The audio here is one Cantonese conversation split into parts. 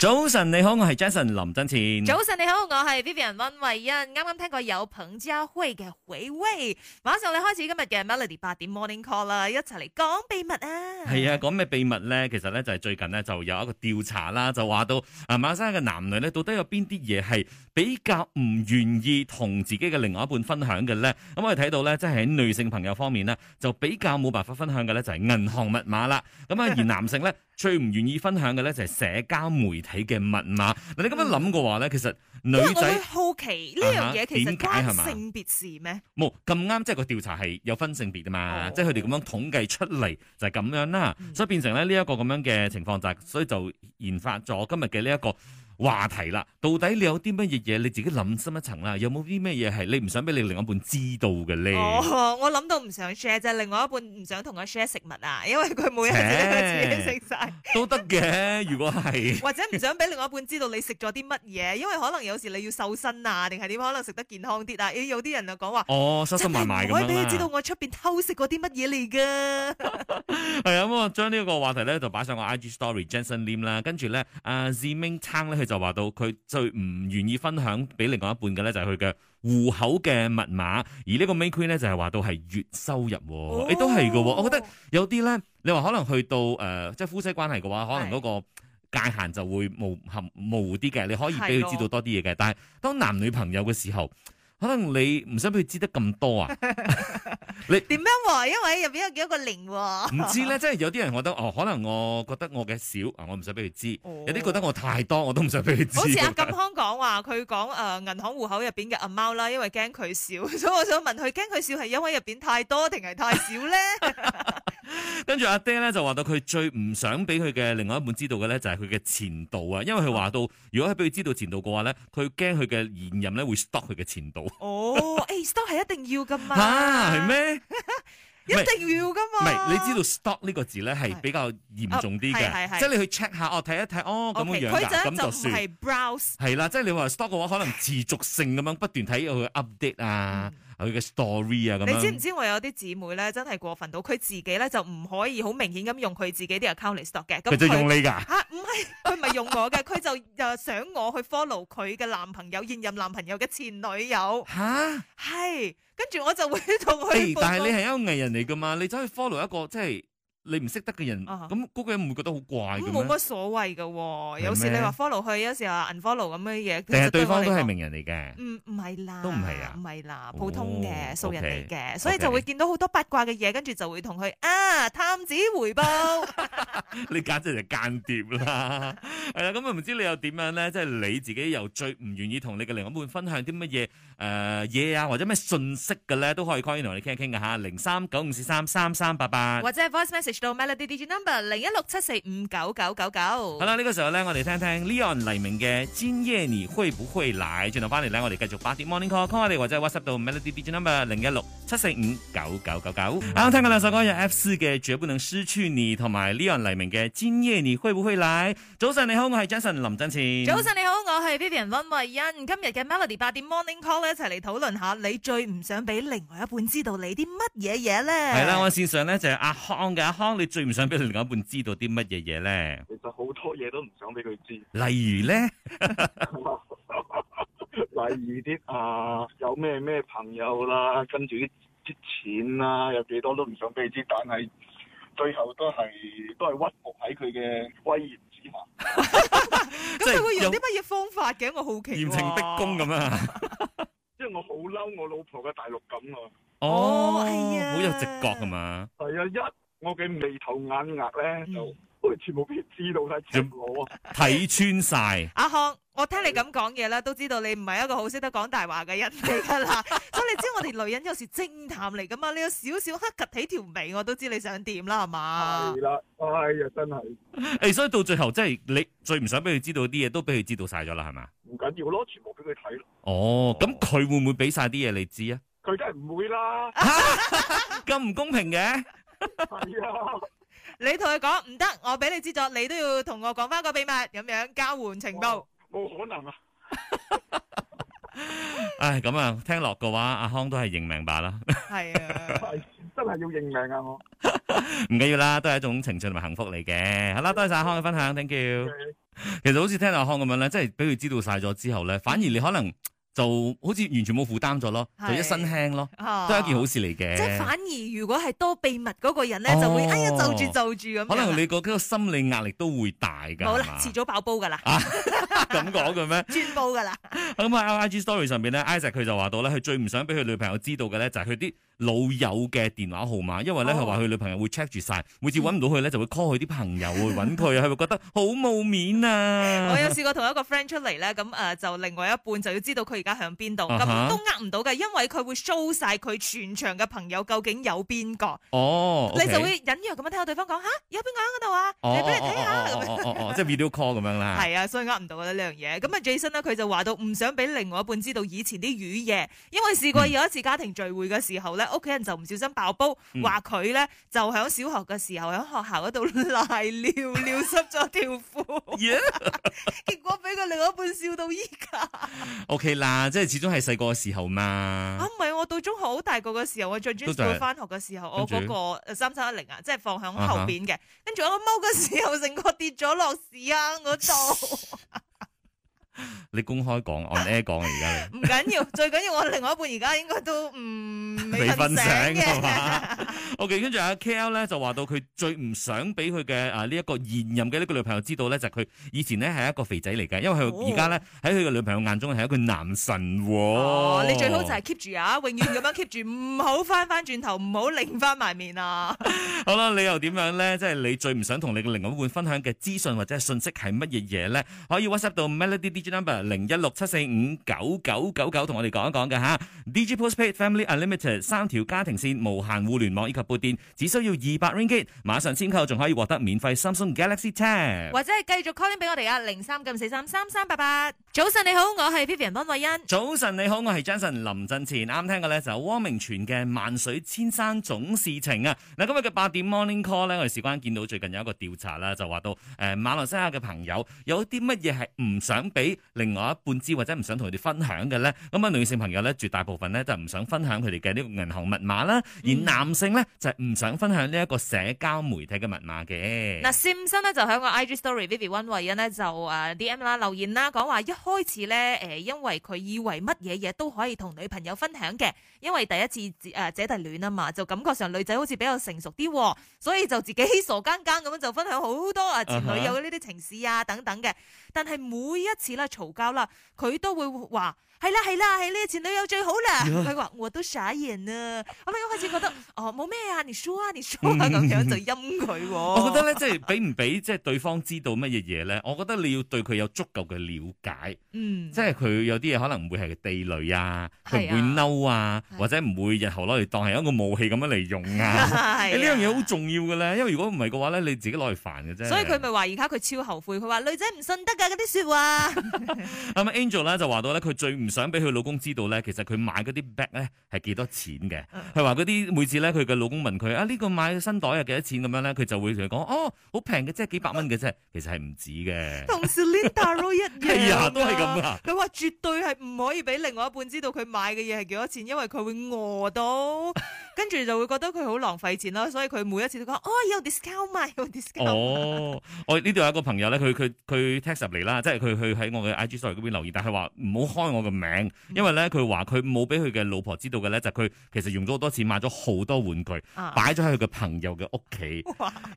早晨，你好，我係 Jason 林真前。早晨，你好，我係 Vivian 溫慧欣。啱啱聽過有彭家輝嘅「回味」。馬上你開始今日嘅 Melody 八點 Morning Call 啦，一齊嚟講秘密啊！係啊，講咩秘密咧？其實咧就係、是、最近呢，就有一個調查啦，就話到啊，馬山嘅男女咧到底有邊啲嘢係？比較唔願意同自己嘅另外一半分享嘅咧，咁我哋睇到咧，即係喺女性朋友方面咧，就比較冇辦法分享嘅咧，就係銀行密碼啦。咁啊，而男性咧 最唔願意分享嘅咧，就係社交媒體嘅密碼。嗱， 你咁樣諗嘅話咧，其實女仔好奇呢樣嘢，其實關性別事咩？冇，咁啱，即係、啊、個調查係有分性別噶嘛？ 即係佢哋咁樣統計出嚟，就係咁樣啦。 所以變成咧呢一個咁樣嘅情況就係，所以就研發咗今日嘅呢一個。話題啦，到底你有啲乜嘢嘢你自己諗深一層啦？有冇啲咩嘢係你唔想俾你另一半知道嘅咧、哦？我諗到唔想 share 就係，另外一半唔想同我 share 食物啊，因為佢每日自己食晒 都得嘅。如果係 或者唔想俾另外一半知道你食咗啲乜嘢，因為可能有時你要瘦身啊，定係點可能食得健康啲啊？欸、有啲人就講話哦，瘦身埋埋咁樣啊！真係唔可以俾佢知道我出邊偷食過啲乜嘢嚟噶。係 啊， 咁、嗯、啊，將呢個話題咧就擺上個 IG story，Jensen Lim 啦，跟、呃、住咧啊，Ziming 撐咧就話到佢最唔願意分享俾另外一半嘅咧，就係佢嘅戶口嘅密碼。而呢個 Main Queen 咧，就係話到係月收入、哦，你、哦欸、都係嘅、哦。我覺得有啲咧，你話可能去到誒、呃，即係夫妻關係嘅話，可能嗰個界限就會模糊模糊啲嘅。你可以俾佢知道多啲嘢嘅，的但係當男女朋友嘅時候，可能你唔使俾佢知得咁多啊。 你點樣喎、啊？因為入邊有幾多個零喎、啊？唔知咧，即係有啲人覺得哦，可能我覺得我嘅少啊，我唔想俾佢知。哦、有啲覺得我太多，我都唔想俾佢知。好似阿金康講話，佢講誒銀行戶口入邊嘅阿貓啦，因為驚佢少，所以我想問佢，驚佢少係因為入邊太多定係太少咧？ 跟住阿爹咧就話到佢最唔想俾佢嘅另外一半知道嘅咧，就係佢嘅前度啊，因為佢話到如果係俾佢知道前度嘅話咧，佢驚佢嘅現任咧會 stop 佢嘅前度。哦，誒 ，stop 係一定要噶嘛？吓、啊，係咩？ 一定要噶嘛？唔係，你知道 stop 呢個字咧係比較嚴重啲嘅，啊、即係你去 check 下，哦，睇一睇，哦，咁、哦哦、樣樣噶，咁就、就算。browse 係啦，即係你話 stop 嘅話，可能持續性咁樣不斷睇，要 update 啊。嗯佢嘅 story 啊，咁你知唔知我有啲姊妹咧，真係過分到佢自己咧就唔可以好明顯咁用佢自己啲 account 嚟 store 嘅。佢就用你㗎嚇，唔係佢唔係用我嘅，佢 就誒想我去 follow 佢嘅男朋友，現任男朋友嘅前女友嚇，係跟住我就會同佢、欸。但係你係一個藝人嚟㗎嘛，你走去 follow 一個即係。你唔識得嘅人，咁嗰、uh huh. 個人唔會覺得好怪咁冇乜所謂噶嗎，有時你話 follow 佢，有時話 unfollow 咁嘅嘢。其實對方都係名人嚟嘅？唔唔係啦，都唔係啊，唔係啦，普通嘅素人嚟嘅，oh, okay. 所以就會見到好多八卦嘅嘢，跟住就會同佢啊探子回報。 你簡直就間諜啦，係 啦， 咁啊唔知你又點樣咧？即係你自己又最唔願意同你嘅另一半分享啲乜嘢？誒嘢啊，或者咩信息嘅咧，都可以 call in 同我哋傾一傾嘅吓，零三九五四三三三八八，或者 voice message 到 Melody DJ number 零一六七四五九九九九。好啦，呢個時候咧，我哋聽聽 Leon 黎明嘅今夜你會不會來，轉頭翻嚟咧，我哋繼續八點 morning call，call 我哋或者 WhatsApp 到 Melody DJ number 零一六七四五九九九九。啱聽緊嘅兩首歌有 F 四嘅絕不能失去你，同埋 Leon 黎明嘅今夜你會不會來。早晨你好，我係 Jason 林振慈。早晨你好，我係 Vivian 温慧欣。今日嘅 Melody 八點 morning call。一齊嚟討論下，你最唔想俾另外一半知道你啲乜嘢嘢咧？係啦，我線上咧就係阿康嘅阿康，你最唔想俾另外一半知道啲乜嘢嘢咧？其實好多嘢都唔想俾佢知，例如咧， 例如啲啊，有咩咩朋友啦，跟住啲啲錢啦，有幾多都唔想俾佢知，但係最後都係都係屈服喺佢嘅威嚴之下。咁 佢 會用啲乜嘢方法嘅？我好奇。嚴刑逼供咁樣！ 老婆嘅大陸感喎、啊，哦，好、哎、呀有直覺㗎嘛？係啊，一我嘅眉頭眼額咧就全部俾知道晒，全部啊，睇穿晒。阿康，我聽你咁講嘢啦，都知道你唔係一個好識得講大話嘅人嚟㗎啦。所以你知我哋女人有時偵探嚟㗎嘛？你有少少黑及起條眉，我都知你想點啦，係嘛？係啦、啊，哎呀，真係。誒、 欸，所以到最後真係、就是、你最唔想俾佢知道啲嘢，都俾佢知道晒咗啦，係嘛？唔緊要咯，全部俾佢睇。哦，咁佢會唔會俾晒啲嘢你知啊？佢梗係唔會啦，咁唔公平嘅。係啊，你同佢講唔得，我俾你資助，你都要同我講翻個秘密咁樣交換情報。冇可能啊！唉，咁啊，聽落嘅話，阿康都係認命吧啦。係啊，真係要認命啊！我唔緊要啦，都係一種情緒同埋幸福嚟嘅。好啦，多謝晒康嘅分享，thank you。其實好似聽阿康咁樣咧，即係俾佢知道晒咗之後咧，反而你可能。就好似完全冇負擔咗咯，是就一身輕咯，哦、都係一件好事嚟嘅。即係反而如果係多秘密嗰個人咧，哦、就會哎呀就住就住咁，可能你個心理壓力都會大噶。好啦，遲吧早爆煲噶啦、啊。咁講嘅咩？轉 煲噶的啦。喺《IG Story》上邊咧，Isaac 佢就話到咧，佢最唔想俾佢女朋友知道嘅咧，就係佢啲。老友嘅電話號碼，因為咧佢話佢女朋友會 check 住晒，每次揾唔到佢咧就會 call 佢啲朋友去揾佢，係咪 覺得好冇面啊？我有試過同一個 friend 出嚟咧，咁誒、呃、就另外一半就要知道佢而家喺邊度，咁都呃唔到嘅，因為佢會 show 晒佢全場嘅朋友究竟有邊個。哦，okay、你就會隱約咁樣聽下對方講吓、啊，有邊個喺嗰度啊？嚟俾你睇下。哦哦哦，哦，哦，哦，哦哦哦，樣即係 video call 咁樣啦。係啊， 所以呃唔到啦呢樣嘢。咁啊最新呢，佢就話到唔想俾另外一半知道以前啲雨夜，因為試過有一次家庭聚會嘅時候咧。嗯屋企人就唔小心爆煲，話佢咧就喺小學嘅時候喺學校嗰度賴尿尿濕咗條褲， Yeah 結果俾佢另一半笑到依家。O、okay、K 啦，即係始終係細個嘅時候嘛。啊，唔係，我到中學好大個嘅時候，我最中意到返學嘅時候，就是、我嗰、嗰個三三一零啊，後10，即係放響後邊嘅，跟住 我踎嘅時候，成個跌咗落屎啊，嗰度。你公開講 on air 講而家，唔緊要，最緊要我另外一半而家應該都唔未瞓醒嘅。 OK，跟住阿 K L 咧就話到佢最唔想俾佢嘅啊呢一、呢個現任嘅呢個女朋友知道咧，就佢、係、以前咧係一個肥仔嚟嘅，因為佢而家咧喺佢嘅女朋友眼中係一個男神喎、哦。你最好就係 keep 住啊，永遠咁樣 keep 住，唔好翻翻轉頭，唔好擰翻埋面啊！ 好啦，你又點樣咧？即係你最唔想同你嘅另外一半分享嘅資訊或者係信息係乜嘢嘢咧？可以 WhatsApp 到 Melody DG number 零一六七四五九九九九，同我哋講一講嘅吓，DG Postpaid Family Unlimited 三條家庭線無限互聯網以及。付電只需要二百 ringgit，馬上簽購仲可以獲得免費 Samsung Galaxy Tab，或者係繼續 calling 俾我哋啊，零三九四三三三八八。早晨你好，我係 Vivian 溫慧欣。早晨你好，我係 Johnson 林振前。啱聽嘅咧就汪明荃嘅《萬水千山總是情》啊。嗱，今日嘅八點 Morning Call 呢，我哋事關見到最近有一個調查啦，就話到誒，馬來西亞嘅朋友有啲乜嘢係唔想俾另外一半知，或者唔想同佢哋分享嘅呢？咁啊，女性朋友咧，絕大部分咧就唔想分享佢哋嘅呢個銀行密碼啦，嗯、而男性咧。就唔想分享呢一個社交媒體嘅密碼嘅。嗱，善生咧就喺個 IG Story Vivian 惠欣呢，就啊、uh, DM 啦留言啦，講話一開始咧誒、呃，因為佢以為乜嘢嘢都可以同女朋友分享嘅，因為第一次誒、呃、姐弟戀啊嘛，就感覺上女仔好似比較成熟啲、哦，所以就自己傻更更咁樣就分享好多啊前女友嘅呢啲情事啊等等嘅。但係每一次啦嘈交啦，佢都會話。係啦係啦係呢前女友最好啦，佢話 我都傻眼啊，我咪一開始覺得哦，冇咩啊，你輸啊你輸啊咁樣就陰佢、哦。我覺得咧即係俾唔俾即係對方知道乜嘢嘢咧，我覺得你要對佢有足夠嘅了解，嗯、即係佢有啲嘢可能會係地雷啊，佢唔會嬲啊，啊或者唔會日後攞嚟當係一個武器咁樣嚟用啊，呢樣嘢好重要嘅咧，因為如果唔係嘅話咧，你自己攞嚟煩嘅啫。所以佢咪話而家佢超後悔，佢話女仔唔信得噶嗰啲說話。咁 Angel 就話到佢最唔。想俾佢老公知道咧，其實佢買嗰啲 bag 咧係幾多錢嘅。佢話嗰啲每次咧，佢嘅老公問佢啊呢個買新袋啊幾多錢咁樣咧，佢就會同佢講哦好平嘅，即係幾百蚊嘅啫。其實係唔止嘅，同 s a l v 一樣、 哎。都係咁啊。佢話絕對係唔可以俾另外一半知道佢買嘅嘢係幾多錢，因為佢會餓到， 跟住就會覺得佢好浪費錢啦。所以佢每一次都講哦有 discount 嘛，有 discount。哦，哦我呢度有一個朋友咧，佢佢佢 text 入嚟啦，即係佢去喺我嘅 IG story 嗰邊留意，但係話唔好開我咁。名，因為咧佢話佢冇俾佢嘅老婆知道嘅咧，就係佢其實用咗好多錢買咗好多玩具，擺咗喺佢嘅朋友嘅屋企。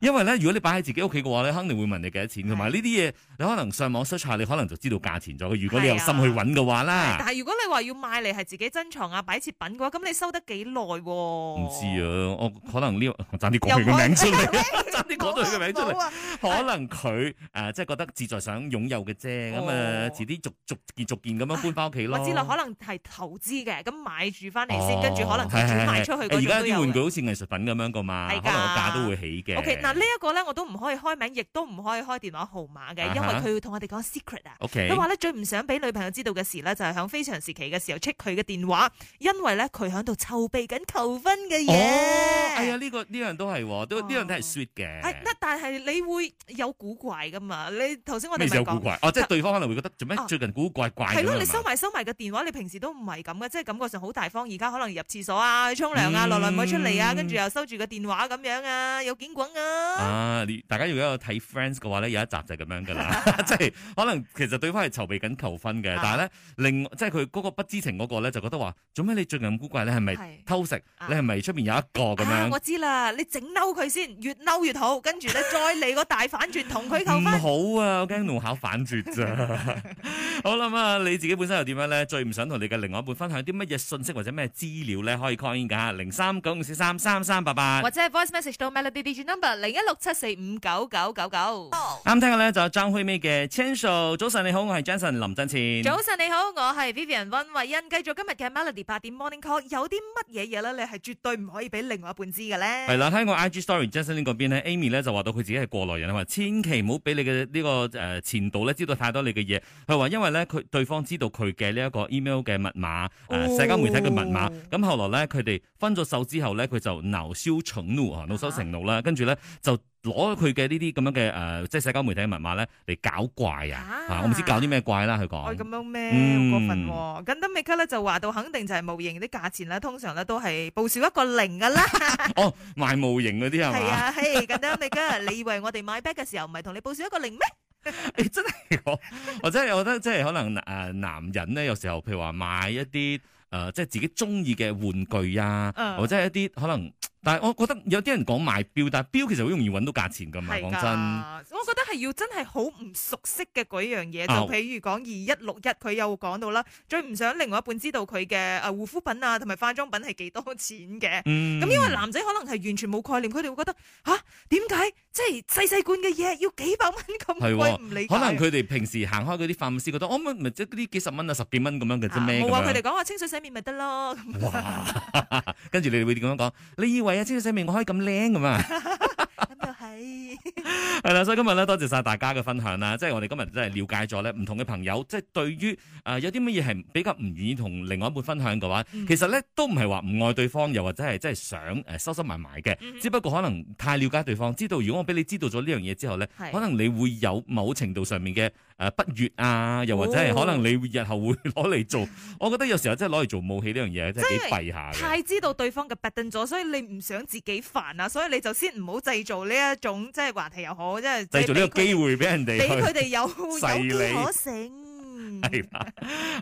因為咧，如果你擺喺自己屋企嘅話咧，肯定會問你幾多錢。同埋呢啲嘢你可能上網 search 下，你可能就知道價錢咗。如果你有心去揾嘅話咧、啊，但係如果你話要買嚟係自己珍藏啊，擺設品嘅話，咁你收得幾耐、啊？唔知啊，我可能呢、這個，爭啲講佢嘅名出嚟，爭啲講到佢嘅名出嚟。你說 可能佢誒，即係覺得自在想擁有嘅啫。咁誒、哎呀，遲啲逐逐件逐件咁樣搬翻屋企咯。哎呀哎我知道可能係投資嘅，咁買住翻嚟先，跟住、哦、可能再賣出去。而家啲玩具好似藝術品咁樣噶嘛，個的價都會起嘅。O K，嗱呢一個咧，我都唔可以開名，亦都唔可以開電話號碼嘅，uh、huh，因為佢會同我哋講 secret 啊。O K，佢話咧最唔想俾女朋友知道嘅事咧，就係喺非常時期嘅時候 check 佢嘅電話，因為咧佢喺度籌備緊求婚嘅嘢。哦，啊、哎，呢、這個呢樣都係，都呢樣都係 sweet 嘅。哎，但係你會有古怪噶嘛？你頭先我哋咩古怪？哦，即係對方可能會覺得做咩最近古怪怪㗎、啊。係咯，你收埋收埋。嘅電話你平時都唔係咁嘅，即係感覺上好大方。而家可能入廁所啊、去沖涼啊、嗯、落來唔可出嚟啊，跟住又收住個電話咁樣啊，有件滾啊！啊，大家如果有睇 Friends 嘅話咧，有一集就係咁樣噶啦， 即係可能其實對方係籌備緊求婚嘅， 但係咧，另外即係佢嗰個不知情嗰個咧就覺得話：做咩你最近咁古怪咧？係咪偷食？你係咪出邊有一個咁樣、啊？我知啦，你整嬲佢先，越嬲越好，跟住咧再嚟個大反轉同佢求婚。好啊，驚怒考反轉咋？ 好啦，啊，你自己本身又點樣咧？最唔想同你嘅另外一半分享啲乜嘢信息或者咩資料咧，可以 call in 噶吓，零三九五四三三三八八，或者係 voice message 到 melody DJ number 零一六七四五九九九九。啱、oh. 聽嘅咧就張開咪嘅 c h a n c e l 早晨你好，我係 j e n s o n 林振前。早晨你好，我係 Vivian 温慧欣。繼續今日嘅 Melody 八點 Morning Call，有啲乜嘢嘢咧？你係絕對唔可以俾另外一半知嘅咧。係啦，喺我 IG Story j a z z y l n 嗰邊 a m y 咧就話到佢自己係過來人啊嘛，千祈唔好俾你嘅呢、這個誒、呃、前度咧知道太多你嘅嘢。佢話因為咧佢對方知道佢嘅。呢一個 email 嘅密碼，誒、啊、社交媒體嘅密碼，咁、哦、後來咧佢哋分咗手之後咧，佢就怒燒成怒啊，惱羞成怒啦，跟住咧就攞佢嘅呢啲咁樣嘅誒、呃，即係社交媒體嘅密碼咧嚟搞怪啊，啊！我唔知搞啲咩怪啦，佢講。愛咁、啊哎、樣咩？過分喎、啊！咁都美家咧就話到，肯定就係模型啲價錢啦，通常咧都係報少一個零噶啦。 哦，賣模型嗰啲係嘛？係 啊，嘿，咁都美家，你以為我哋買 back 嘅時候唔係同你報少一個零咩？誒、 欸，真係我，我真係我覺得，即係可能誒、呃，男人咧，有時候譬如話買一啲誒、呃，即係自己中意嘅玩具啊，uh. 或者係一啲可能。但係我覺得有啲人講賣標，但係標其實好容易揾到價錢㗎嘛。講真的，我覺得係要真係好唔熟悉嘅嗰樣嘢。哦、就譬如講二一六一，佢又講到啦，最唔想另外一半知道佢嘅誒護膚品啊同埋化妝品係幾多錢嘅。咁、嗯、因為男仔可能係完全冇概念，佢哋會覺得吓？點、啊、解即係細細罐嘅嘢要幾百蚊咁貴？唔的理解可能佢哋平時行開嗰啲化妝師，覺得我咪即係嗰啲幾十蚊啊十幾蚊咁樣嘅啫咩㗎？話佢哋講話清水洗面咪得咯。跟住哇哈你會點樣講？你以為？啊！知道水面我可以咁靚噶嘛？咁又係係啦，所以今日咧多謝晒大家嘅分享啦，即係我哋今日真係了解咗咧唔同嘅朋友，即係對於誒、呃、有啲乜嘢係比較唔願意同另外一半分享嘅話，其實咧都唔係話唔愛對方，又或者係真係想誒、呃、收收埋埋嘅，mm hmm. 只不過可能太了解對方，知道如果我俾你知道咗呢樣嘢之後咧，可能你會有某程度上面嘅。誒，不悅啊，又或者係可能你日後會攞嚟做。我覺得有時候真係攞嚟做武器呢樣嘢，真係幾弊下嘅。太知道對方嘅 button 咗，所以你唔想自己煩啊，所以你就先唔好製造呢一種即係話題又好，即係製造呢個機會俾人哋俾佢哋有有機可乘係嘛。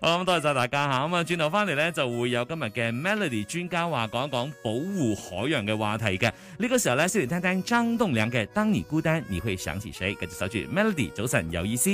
好，咁多謝晒大家吓。咁啊，轉頭翻嚟呢，就會有今日嘅 Melody 專家話講一講保護海洋嘅話題嘅呢個時候呢，先嚟聽聽張棟樑嘅《當你孤單你會想起誰》。繼續守住 Melody 早晨有意思。